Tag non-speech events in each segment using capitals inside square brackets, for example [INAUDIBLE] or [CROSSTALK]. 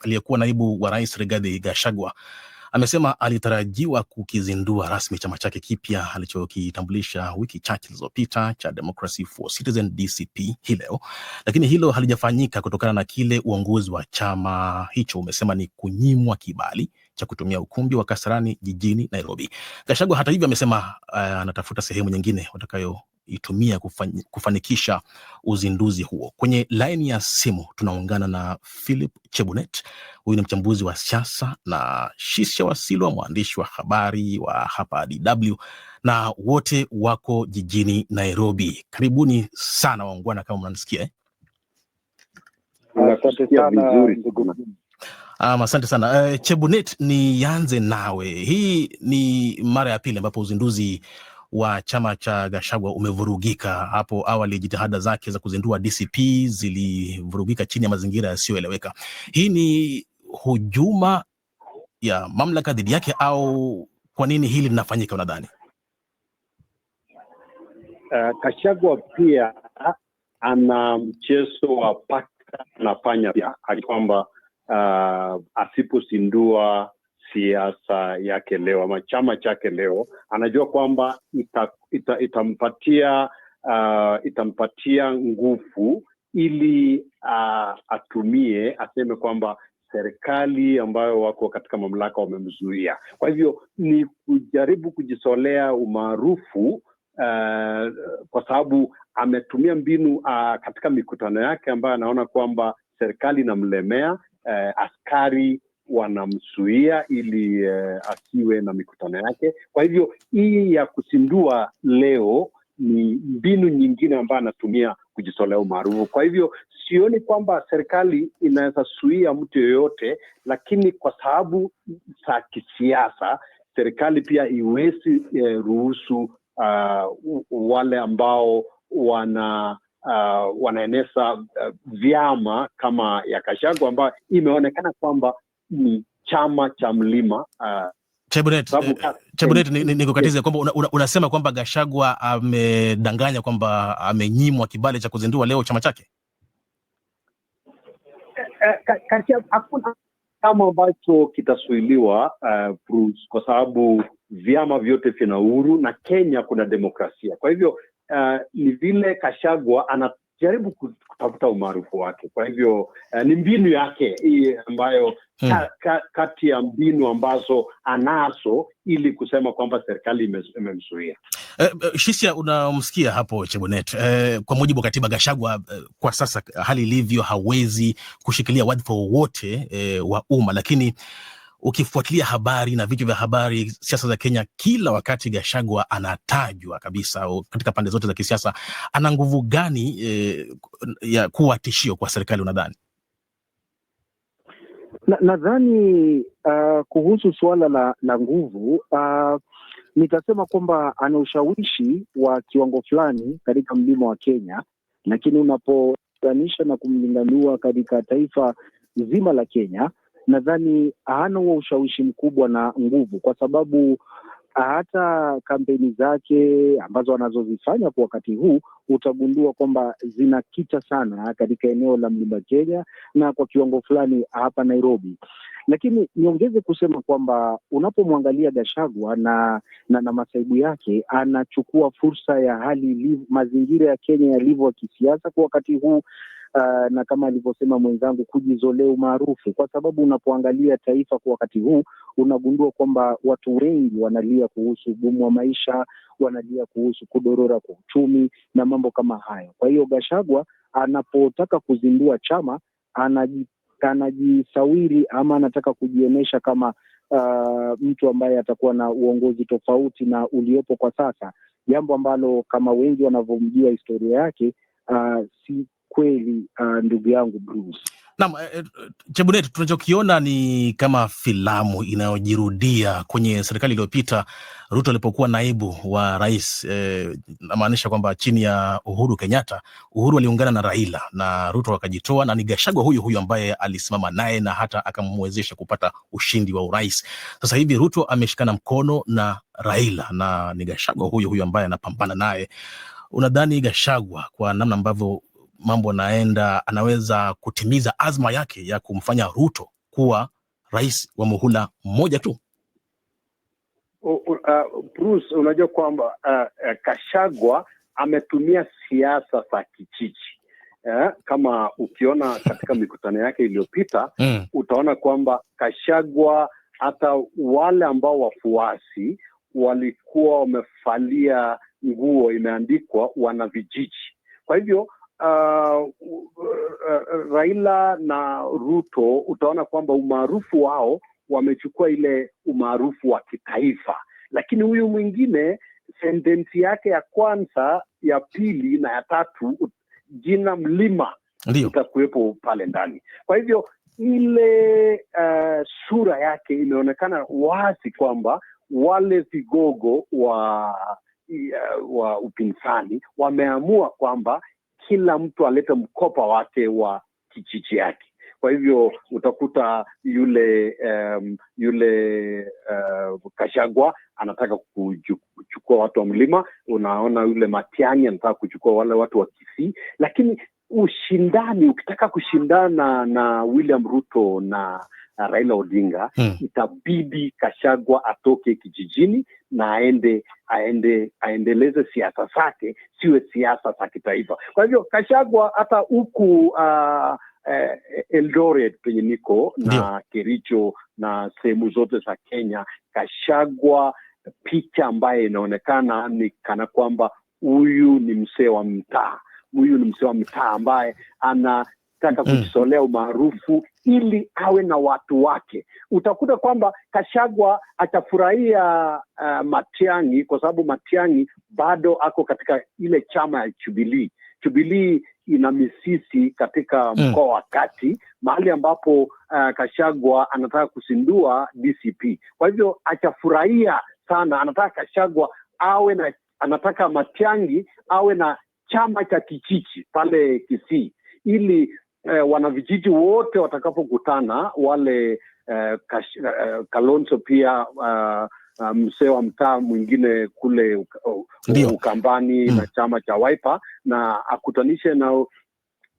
aliyekuwa naibu wa rais Rigathi Gachagua amesema alitarajiwa kukizindua rasmi chama chake kipya alichokitambulisha wiki chache zilizopita cha Democracy for Citizen DCP hii leo, lakini hilo halijafanyika kutokana na kile uongozi wa chama hicho umesema ni kunyimwa kibali cha kutumia ukumbi wa Kasarani jijini Nairobi. Gachagua hata hivyo amesema eh, anatafuta sehemu nyingine watakayoitumia kufan, kufanikisha uzinduzi huo. Kwenye laini ya simu tunaungana na Philip Chebunet, huyu ni mchambuzi wa siasa na Shisha Wasilwa, mwandishi wa habari wa hapa DW na wote wako jijini Nairobi. Karibuni sana waungwana, kama mnanisikia eh? Um, asante sana uh, Chebunet, nianze nawe. Hii ni mara ya pili ambapo uzinduzi wa chama cha Gachagua umevurugika. Hapo awali jitihada zake za kuzindua DCP zilivurugika chini ya mazingira yasiyoeleweka. Hii ni hujuma ya mamlaka dhidi yake au kwa nini hili linafanyika unadhani? Uh, pia ana mchezo wa paka anafanya pia kwamba uh, asipozindua siasa yake leo ama chama chake leo, anajua kwamba ita, ita, itampatia uh, itampatia nguvu ili uh, atumie aseme kwamba serikali ambayo wako katika mamlaka wamemzuia. Kwa hivyo ni kujaribu kujisolea umaarufu Uh, kwa sababu ametumia mbinu uh, katika mikutano yake ambayo anaona kwamba serikali inamlemea, eh, askari wanamzuia ili eh, asiwe na mikutano yake. Kwa hivyo hii ya kusindua leo ni mbinu nyingine ambayo anatumia kujitolea umaarufu. Kwa hivyo sioni kwamba serikali inaweza suia mtu yoyote, lakini kwa sababu za kisiasa serikali pia iwezi eh, ruhusu uh, wale ambao wana uh, wanaeneza uh, vyama kama ya kashagu ambayo imeonekana kwamba ni chama cha mlima uh, nikukatize eh, eh, ni, ni kwamba una, unasema kwamba Gashagwa amedanganya kwamba amenyimwa kibali cha kuzindua leo chama chake. Eh, hakuna chama ambacho kitasuiliwa uh, Bruce, kwa sababu vyama vyote vina uhuru na Kenya kuna demokrasia. Kwa hivyo uh, ni vile Kashagwa anajaribu kutafuta umaarufu wake. Kwa hivyo uh, ni mbinu yake hii ambayo hmm. ka, ka, kati ya mbinu ambazo anazo ili kusema kwamba serikali imemzuia. Uh, Shisia, unamsikia hapo Chebonet. eh, kwa mujibu wa katiba Gashagwa eh, kwa sasa hali ilivyo hawezi kushikilia wadhifa wowote eh, wa umma, lakini ukifuatilia habari na vichwa vya habari, siasa za Kenya, kila wakati Gashagwa anatajwa kabisa katika pande zote za kisiasa. Ana nguvu gani eh, ya kuwa tishio kwa serikali unadhani? Nadhani na uh, kuhusu suala la, la nguvu uh, nitasema kwamba ana ushawishi wa kiwango fulani katika mlima wa Kenya, lakini unapoganisha na kumlinganua katika taifa zima la Kenya nadhani hana huo ushawishi mkubwa na nguvu, kwa sababu ah, hata kampeni zake ambazo anazozifanya kwa wakati huu utagundua kwamba zinakita sana katika eneo la mlima Kenya na kwa kiwango fulani hapa Nairobi. Lakini niongeze kusema kwamba unapomwangalia Gashagwa na, na, na masaibu yake, anachukua fursa ya hali mazingira ya Kenya yalivyo ya kisiasa kwa wakati huu uh, na kama alivyosema mwenzangu, kujizolea umaarufu, kwa sababu unapoangalia taifa kwa wakati huu unagundua kwamba watu wengi wanalia kuhusu ugumu wa maisha, wanalia kuhusu kudorora kwa uchumi na mambo kama hayo. Kwa hiyo Gashagwa anapotaka kuzindua chama anaji anajisawiri ama anataka kujionyesha kama uh, mtu ambaye atakuwa na uongozi tofauti na uliopo kwa sasa, jambo ambalo kama wengi wanavyomjua historia yake uh, si kweli, uh, ndugu yangu Bruce. Naam, eh, eh, Chebunet, tunachokiona ni kama filamu inayojirudia kwenye serikali iliyopita, Ruto alipokuwa naibu wa rais eh, namaanisha kwamba chini ya Uhuru Kenyatta. Uhuru aliungana na Raila na Ruto akajitoa, na ni Gashagwa huyu huyu ambaye alisimama naye na hata akamwezesha kupata ushindi wa urais. Sasa hivi Ruto ameshikana mkono na Raila na ni Gashagwa huyu huyu ambaye anapambana naye. Unadhani Gashagwa kwa namna ambavyo mambo naenda, anaweza kutimiza azma yake ya kumfanya Ruto kuwa rais wa muhula mmoja tu? Uh, Bruce, unajua kwamba uh, Kashagwa ametumia siasa za kijiji eh, kama ukiona katika [LAUGHS] mikutano yake iliyopita mm, utaona kwamba Kashagwa hata wale ambao wafuasi walikuwa wamefalia nguo imeandikwa wana vijiji. Kwa hivyo uh, uh, Raila na Ruto utaona kwamba umaarufu wao wamechukua ile umaarufu wa kitaifa, lakini huyu mwingine sentensi yake ya kwanza, ya pili na ya tatu, jina mlima itakuwepo pale ndani. Kwa hivyo ile uh, sura yake imeonekana wazi kwamba wale vigogo wa uh, wa upinzani wameamua kwamba kila mtu alete mkopa wake wa kijiji yake kwa hivyo utakuta yule um, yule uh, Kashagwa anataka kuchukua watu wa mlima, unaona yule matiani anataka kuchukua wale watu wa Kisii, lakini ushindani ukitaka kushindana na William Ruto na na Raila Odinga hmm. Itabidi Kashagwa atoke kijijini na aende aende aendeleze siasa zake, siwe siasa za kitaifa. Kwa hivyo Kashagwa hata huku uh, eh, Eldoret penye niko na Dio. Kericho na sehemu zote za Kenya, Kashagwa picha ambaye inaonekana ni kana kwamba huyu ni msee wa mtaa huyu ni msee wa mtaa ambaye ana kutaka mm. kujizolea umaarufu ili awe na watu wake. Utakuta kwamba Kashagwa atafurahia uh, Matiang'i kwa sababu Matiang'i bado ako katika ile chama ya chubilii chubilii ina misisi katika mm. mkoa wa kati mahali ambapo uh, Kashagwa anataka kusindua DCP. Kwa hivyo atafurahia sana, anataka Kashagwa awe na, anataka Matiang'i awe na chama cha Kichichi pale Kisii ili eh, wanavijiji wote watakapokutana wale eh, kash, eh, kalonso pia uh, msee wa mtaa mwingine kule uh, Ukambani mm. na chama cha Wiper na akutanishe na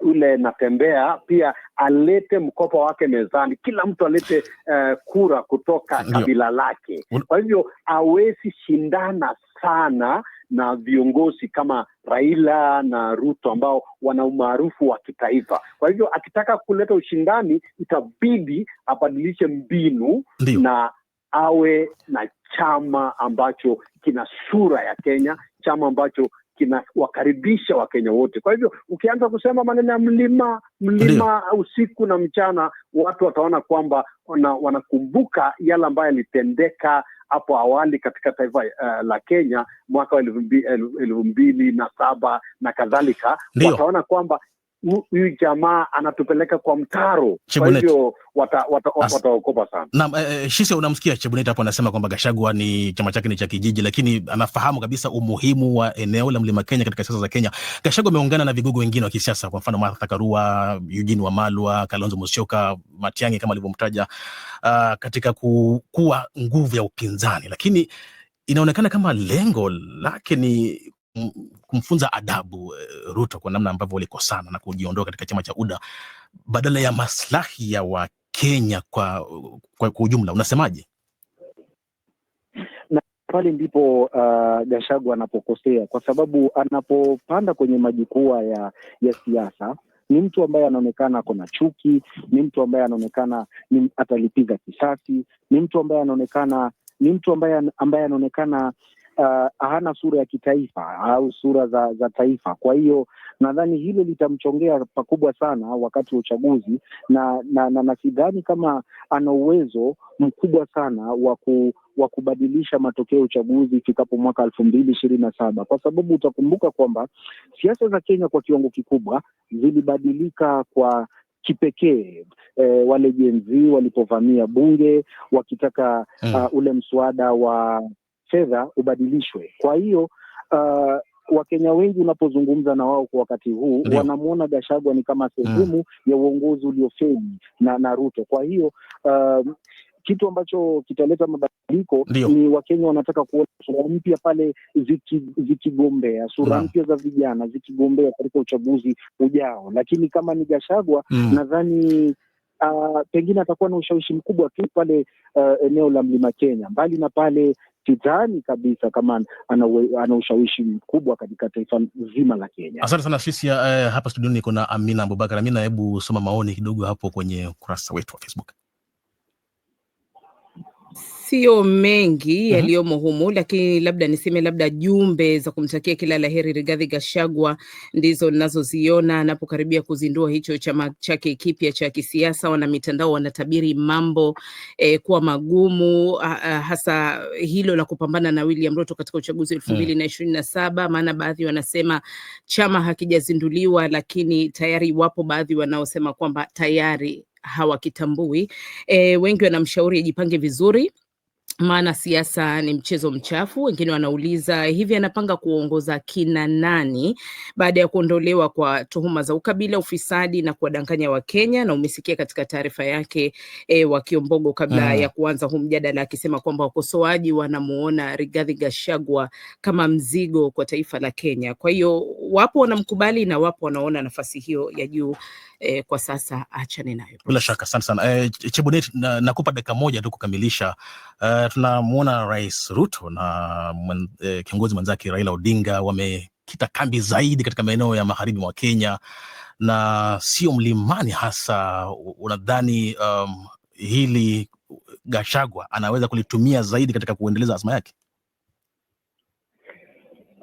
ule natembea pia alete mkopo wake mezani, kila mtu alete uh, kura kutoka kabila lake. Kwa hivyo awezi shindana sana na viongozi kama Raila na Ruto ambao wana umaarufu wa kitaifa. Kwa hivyo akitaka kuleta ushindani, itabidi abadilishe mbinu Ndiyo. na awe na chama ambacho kina sura ya Kenya, chama ambacho kinawakaribisha Wakenya wote. Kwa hivyo ukianza kusema maneno ya mlima mlima Ndiyo. usiku na mchana, watu wataona kwamba ona, wanakumbuka yale ambayo yalitendeka hapo awali katika taifa uh, la Kenya mwaka wa elfu mbili na saba na kadhalika, wataona kwamba huyu jamaa anatupeleka kwa mtaro. Kwa hivyo wataokopa wata, wata, wata sana naam. Eh, eh, unamsikia Chebunet hapo anasema kwamba Gachagua ni chama chake ni cha kijiji, lakini anafahamu kabisa umuhimu wa eneo la mlima Kenya katika siasa za Kenya. Gachagua ameungana na vigogo wengine wa kisiasa, kwa mfano Martha Karua, Eugene Wamalwa, Kalonzo Musyoka, Matiang'i kama alivyomtaja, uh, katika kuwa nguvu ya upinzani, lakini inaonekana kama lengo lake ni kumfunza adabu eh, Ruto kwa namna ambavyo walikosana na kujiondoa katika chama cha UDA badala ya maslahi ya Wakenya kwa, kwa, kwa ujumla, unasemaje? pale ndipo uh, anapokosea kwa sababu anapopanda kwenye majukwaa ya, ya siasa ni mtu ambaye anaonekana ako na chuki, ni mtu ambaye anaonekana atalipiza kisasi, ni mtu ambaye anaonekana ni mtu ambaye ambaye anaonekana uh, hana sura ya kitaifa au sura za, za taifa. Kwa hiyo nadhani hilo litamchongea pakubwa sana wakati wa uchaguzi, na, na, na, na sidhani kama ana uwezo mkubwa sana wa wa kubadilisha matokeo ya uchaguzi ifikapo mwaka elfu mbili ishirini na saba kwa sababu utakumbuka kwamba siasa za Kenya kwa kiwango kikubwa zilibadilika kwa kipekee e, wale jenzi walipovamia bunge wakitaka hmm. uh, ule mswada wa fedha ubadilishwe. Kwa hiyo uh, Wakenya wengi unapozungumza na wao kwa wakati huu wanamwona Gashagwa ni kama sehemu mm. ya uongozi uliofeli na, na Ruto. Kwa hiyo uh, kitu ambacho kitaleta mabadiliko ni Wakenya wanataka kuona sura mpya pale zikigombea ziki sura mpya za vijana zikigombea katika uchaguzi ujao, lakini kama ni Gashagwa mm. nadhani Uh, pengine atakuwa na ushawishi mkubwa tu pale uh, eneo la Mlima Kenya, mbali na pale sidhani kabisa kama ana ushawishi mkubwa katika taifa zima la Kenya. Asante sana Fisia. Eh, hapa studioni kuna Amina Abubakar. Amina, hebu soma maoni kidogo hapo kwenye ukurasa wetu wa Facebook sio mengi mhm. yaliyomo mm -hmm. humu, lakini labda niseme labda jumbe za kumtakia kila laheri rigadhi gashagwa ndizo ninazoziona anapokaribia kuzindua hicho chama chake kipya cha kisiasa. Wana mitandao wanatabiri mambo eh, kuwa magumu ah, ah, hasa hilo la kupambana na William Ruto katika uchaguzi mm. elfu mbili na ishirini na saba. Maana baadhi wanasema chama hakijazinduliwa, lakini tayari wapo baadhi wanaosema kwamba tayari hawakitambui. E, wengi wanamshauri ajipange vizuri maana siasa ni mchezo mchafu. Wengine wanauliza hivi, anapanga kuongoza kina nani baada ya kuondolewa kwa tuhuma za ukabila, ufisadi na kuwadanganya Wakenya? Na umesikia katika taarifa yake e, Wakiombogo kabla Aha. ya kuanza huu mjadala akisema kwamba wakosoaji wanamuona Rigathi Gachagua kama mzigo kwa taifa la Kenya. Kwa hiyo wapo wanamkubali na wapo wanaona nafasi hiyo ya juu e, kwa sasa achane nayo. Bila shaka, asante sana e, eh, Chebonet, nakupa na dakika moja tu kukamilisha. E, tunamwona Rais Ruto na mwen, e, kiongozi mwenzake Raila Odinga wamekita kambi zaidi katika maeneo ya magharibi mwa Kenya na sio mlimani hasa. Unadhani um, hili Gachagua anaweza kulitumia zaidi katika kuendeleza azma yake?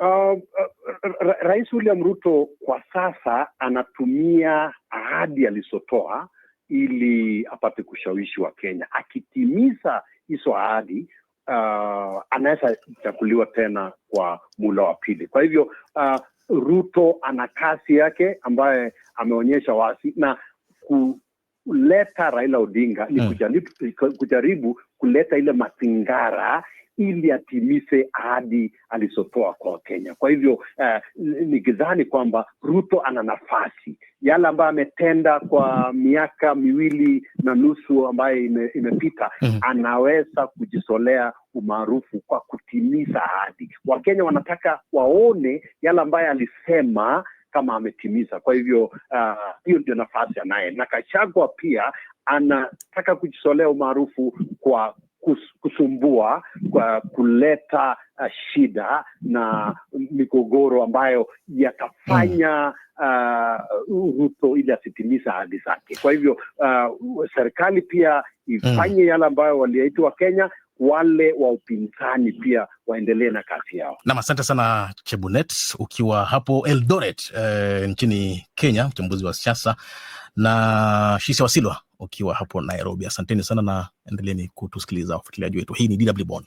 Uh, uh, Rais William Ruto kwa sasa anatumia ahadi alizotoa ili apate kushawishi wa Kenya. Akitimiza hizo ahadi uh, anaweza chaguliwa tena kwa mula wa pili. Kwa hivyo uh, Ruto ana kasi yake ambaye ameonyesha wazi na kuleta Raila Odinga ni hmm. kujaribu kuleta ile mazingara ili atimize ahadi alizotoa kwa Wakenya. Kwa hivyo uh, nikidhani kwamba Ruto ana nafasi yale ambayo ametenda kwa miaka miwili na nusu ambayo ime, imepita mm -hmm. Anaweza kujizolea umaarufu kwa kutimiza ahadi. Wakenya wanataka waone yale ambayo alisema kama ametimiza. Kwa hivyo ah, hiyo uh, ndio nafasi anaye na Kashagwa pia anataka kujisolea umaarufu kwa kusumbua kwa kuleta uh, shida na migogoro ambayo yatafanya uh, Ruto ili asitimiza ahadi zake. Kwa hivyo uh, serikali pia ifanye mm. yale ambayo waliaitwa Kenya wale wa upinzani pia waendelee na kazi yao. Nam, asante sana Chebunet, ukiwa hapo Eldoret eh, nchini Kenya, mchambuzi wa siasa na Shisi Wasilwa ukiwa hapo Nairobi. Asanteni sana na endeleeni kutusikiliza wafuatiliaji wetu. Hii ni DW Bonn.